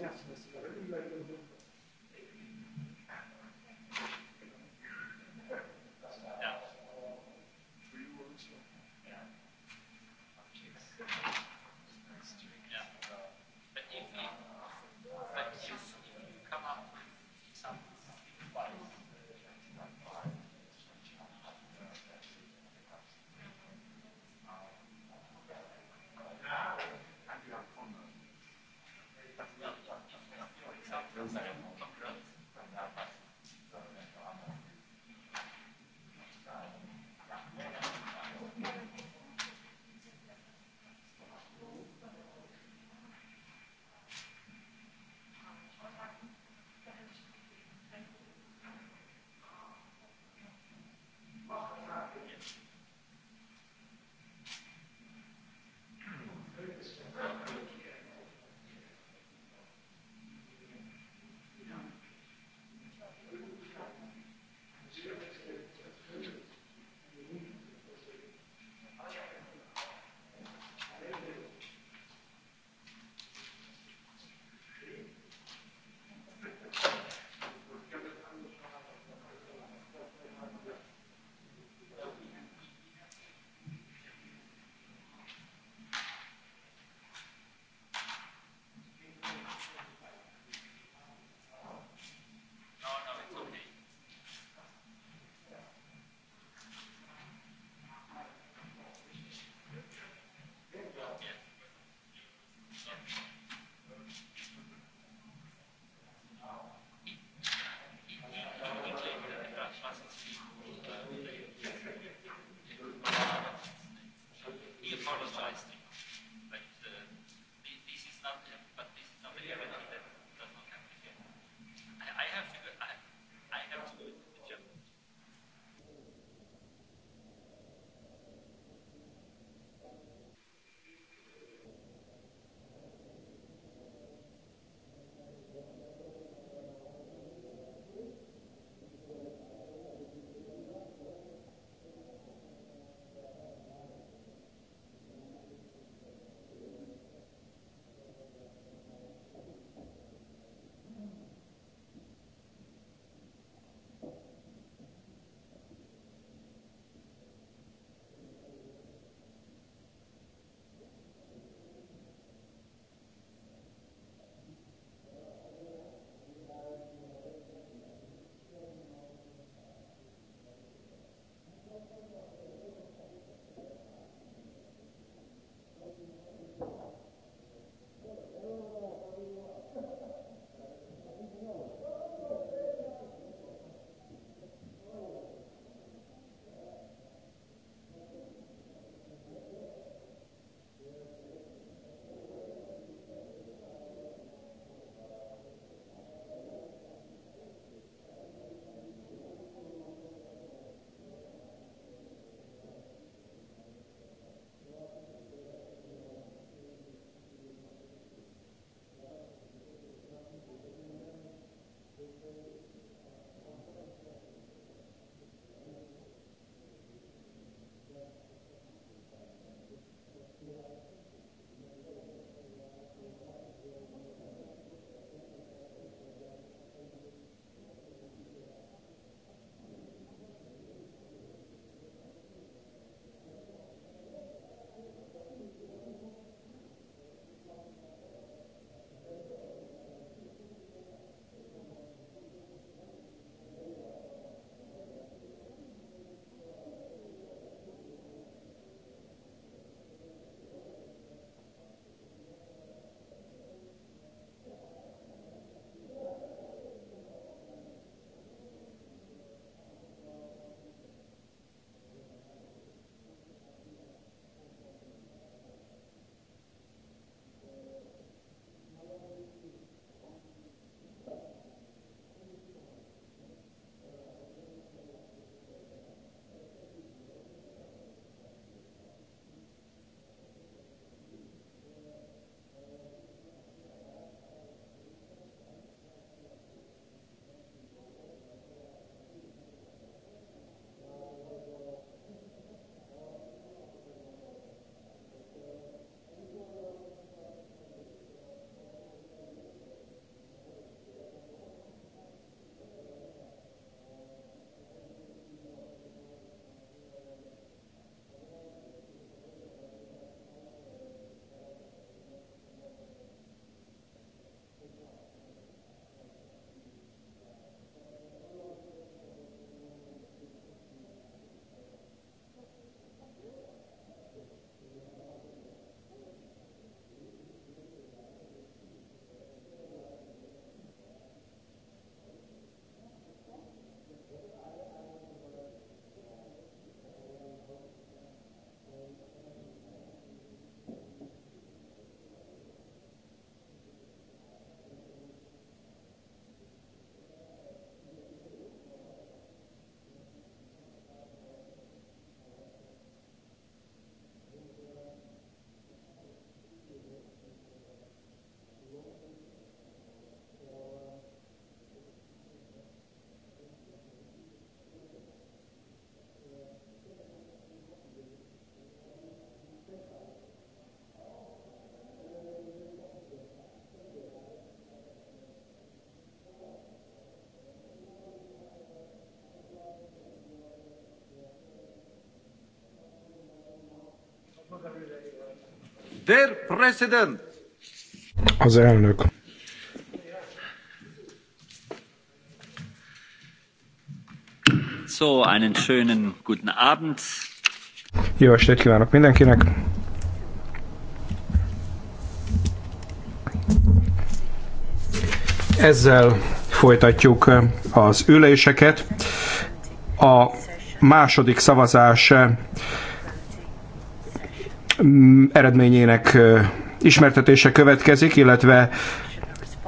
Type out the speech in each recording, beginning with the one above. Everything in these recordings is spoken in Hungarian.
Ja. Der Präsident. Az elnök. So, einen schönen guten Abend. Jó estét kívánok mindenkinek. Ezzel folytatjuk eh, az üléseket. A második szavazás eh, Mm, eredményének ismertetése következik, illetve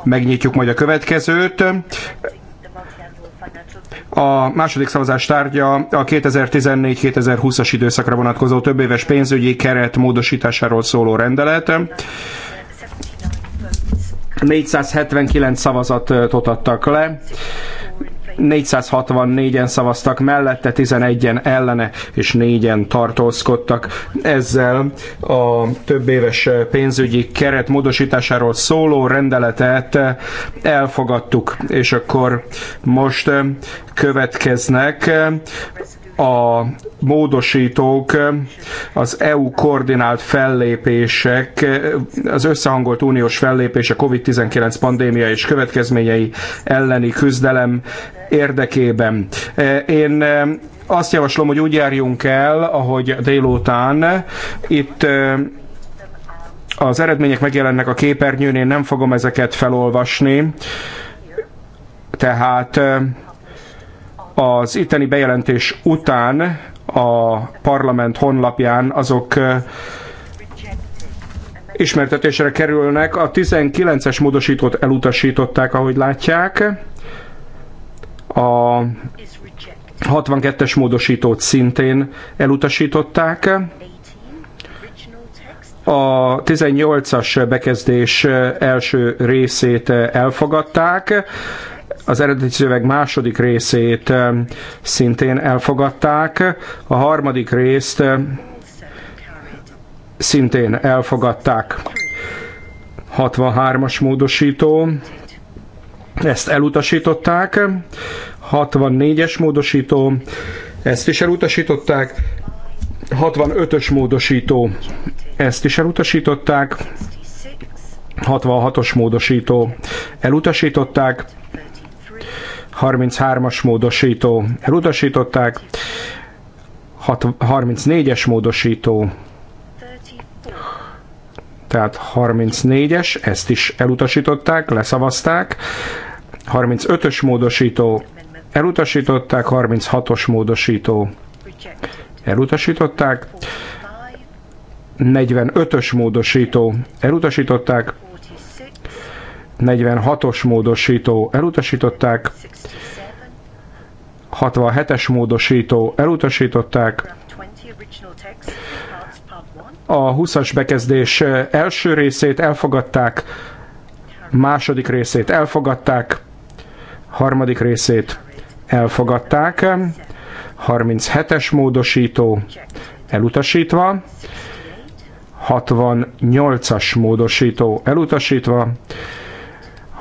megnyitjuk majd a következőt. A második szavazás tárgya a 2014-2020-as időszakra vonatkozó többéves pénzügyi keret módosításáról szóló rendelet. 479 szavazatot adtak le. 464-en szavaztak mellette, 11-en ellene és 4-en tartózkodtak. Ezzel a több éves pénzügyi keret módosításáról szóló rendeletet elfogadtuk, és akkor most következnek a módosítók az EU koordinált fellépések, az összehangolt uniós fellépés a COVID-19 pandémia és következményei elleni küzdelem érdekében. Én azt javaslom, hogy úgy járjunk el, ahogy délután itt az eredmények megjelennek a képernyőn, én nem fogom ezeket felolvasni. Tehát az itteni bejelentés után a parlament honlapján azok ismertetésre kerülnek. A 19-es módosítót elutasították, ahogy látják. A 62-es módosítót szintén elutasították. A 18-as bekezdés első részét elfogadták az eredeti szöveg második részét szintén elfogadták, a harmadik részt szintén elfogadták. 63-as módosító, ezt elutasították, 64-es módosító, ezt is elutasították, 65-ös módosító, ezt is elutasították, 66-os módosító, elutasították, 33-as módosító elutasították, 34-es módosító, tehát 34-es, ezt is elutasították, leszavazták, 35-ös módosító elutasították, 36-os módosító elutasították, 45-ös módosító elutasították, 46-os módosító elutasították, 67-es módosító elutasították, a 20-as bekezdés első részét elfogadták, második részét elfogadták, harmadik részét elfogadták, 37-es módosító elutasítva, 68-as módosító elutasítva,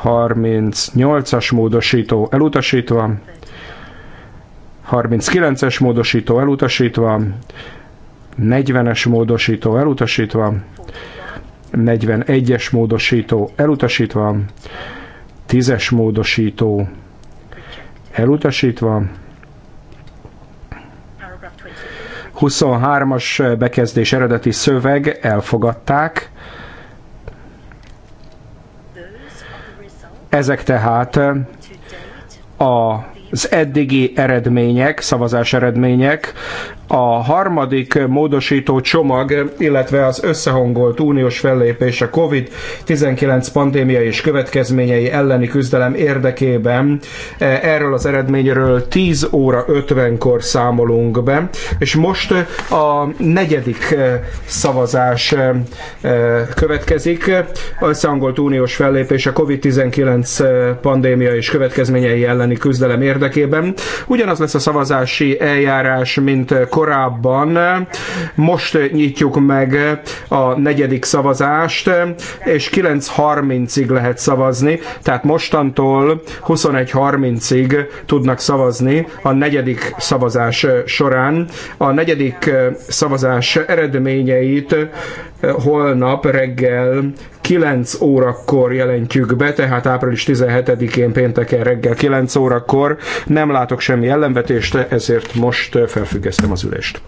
38-as módosító elutasítva, 39-es módosító elutasítva, 40-es módosító elutasítva, 41-es módosító elutasítva, 10-es módosító elutasítva, 23-as bekezdés eredeti szöveg elfogadták, Ezek tehát a az eddigi eredmények, szavazás eredmények a harmadik módosító csomag, illetve az összehangolt uniós fellépés a COVID-19 pandémia és következményei elleni küzdelem érdekében e, erről az eredményről 10 óra 50-kor számolunk be, és most a negyedik e, szavazás e, következik. Összehangolt uniós fellépés a COVID-19 pandémia és következményei elleni küzdelem érdekében. Ugyanaz lesz a szavazási eljárás, mint korábban korábban. Most nyitjuk meg a negyedik szavazást, és 9.30-ig lehet szavazni, tehát mostantól 21.30-ig tudnak szavazni a negyedik szavazás során. A negyedik szavazás eredményeit holnap reggel 9 órakor jelentjük be, tehát április 17-én pénteken reggel 9 órakor. Nem látok semmi ellenvetést, ezért most felfüggesztem az ülést.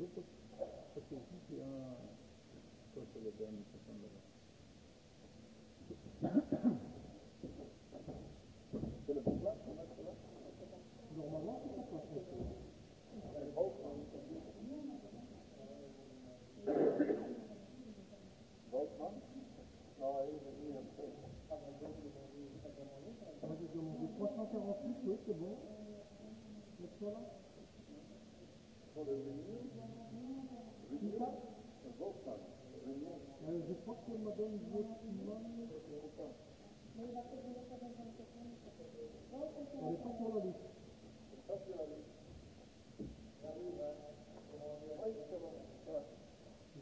lucru, să se simte a tot cele de anii Je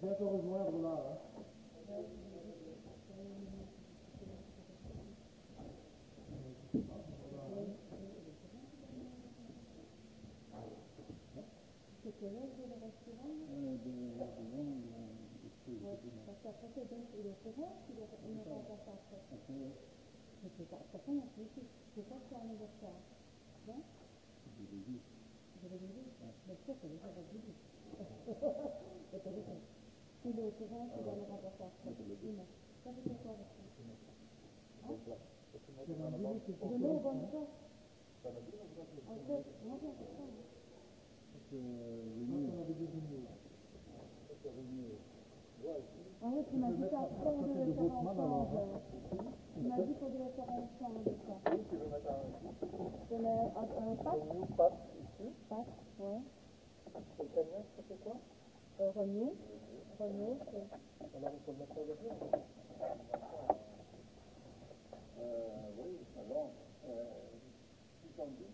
vais te rejoindre là. Hein. 是跟有时候这个没有办法下车，不知道，可不能回去，只光开那个车，嗯，这个理那确实是个理解，我觉得是，那个时间时间没办法下车，因为但是这个是，啊，这个理解，这个没有办法，啊，这没办法上。C'est renouvelé. C'est renouvelé. Ouais. Oui, tu m'as dit ça après le Tu m'as dit qu'il faudrait faire un échange. Oui, Renew, Renew. Alors, il faut mettre en voiture. oui, alors, 70.